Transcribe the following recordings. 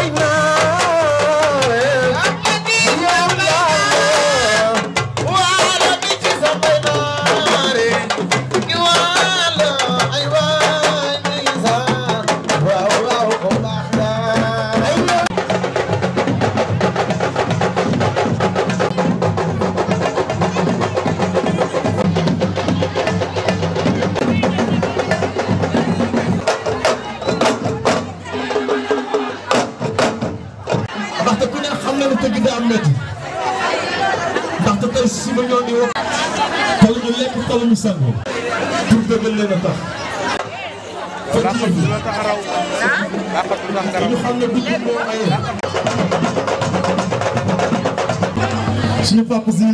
right now. dëgg daa métti ndaxte tey si ma ñoo di wax talu ñu lekk talu ñu sangu pour dëggal leen a tax fa jiir bi dañu xam ne du ñu moo aye suñu papa si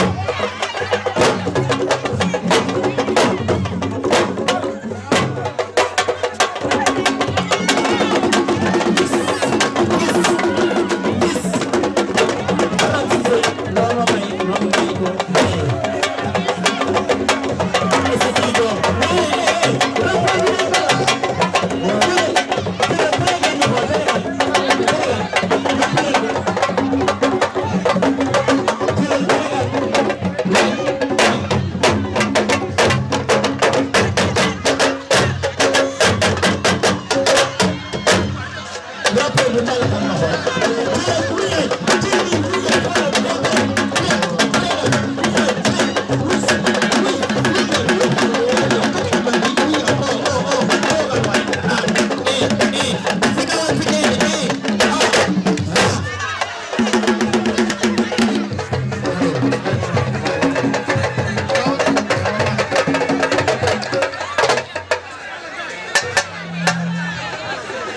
Thank you.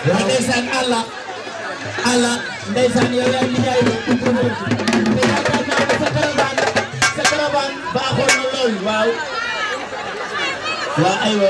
Ladies and Allah. ala ndeysaan yow yaay nijaay bu Promovilles te yaakaar naa ne sa caravane sa caravane baaxoon na lool waaw waaw aywa